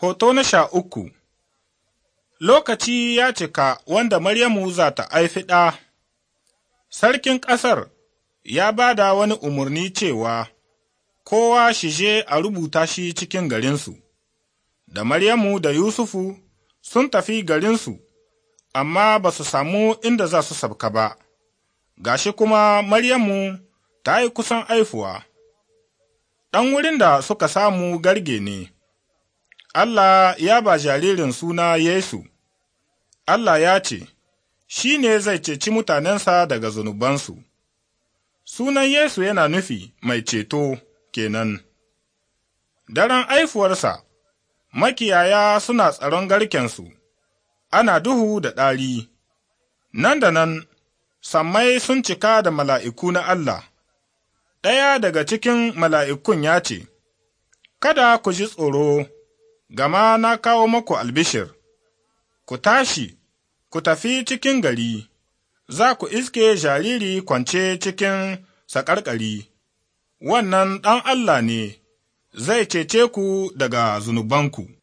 Hoto na sha uku Lokaci ya cika wanda Maryamu za ta haifi ɗa, sarkin ƙasar ya ba da wani umarni cewa kowa shi je a rubuta shi cikin garinsu, da Maryamu da Yusufu sun tafi garinsu, amma ba su samu inda za su sabka ba, gashi kuma Maryamu ta yi kusan haifuwa, ɗan wurin da suka samu garge ne. Allah ya ba jaririn suna Yesu, Allah ya ce, Shi ne zai ceci mutanensa daga zunubansu. Sunan Yesu yana nufi mai ceto kenan. Daren aifuwarsa, makiyaya suna tsaron garkensu, ana duhu da ɗari. Nan da nan, sammai sun cika da mala'iku na Allah. Ɗaya daga cikin mala'ikun ya ce, Kada ku ji tsoro. gama na kawo maku albishir, ku tashi, ku tafi cikin gari, za ku iske jariri kwance cikin saƙarƙari, wannan ɗan Allah ne, zai cece ku daga zunubanku.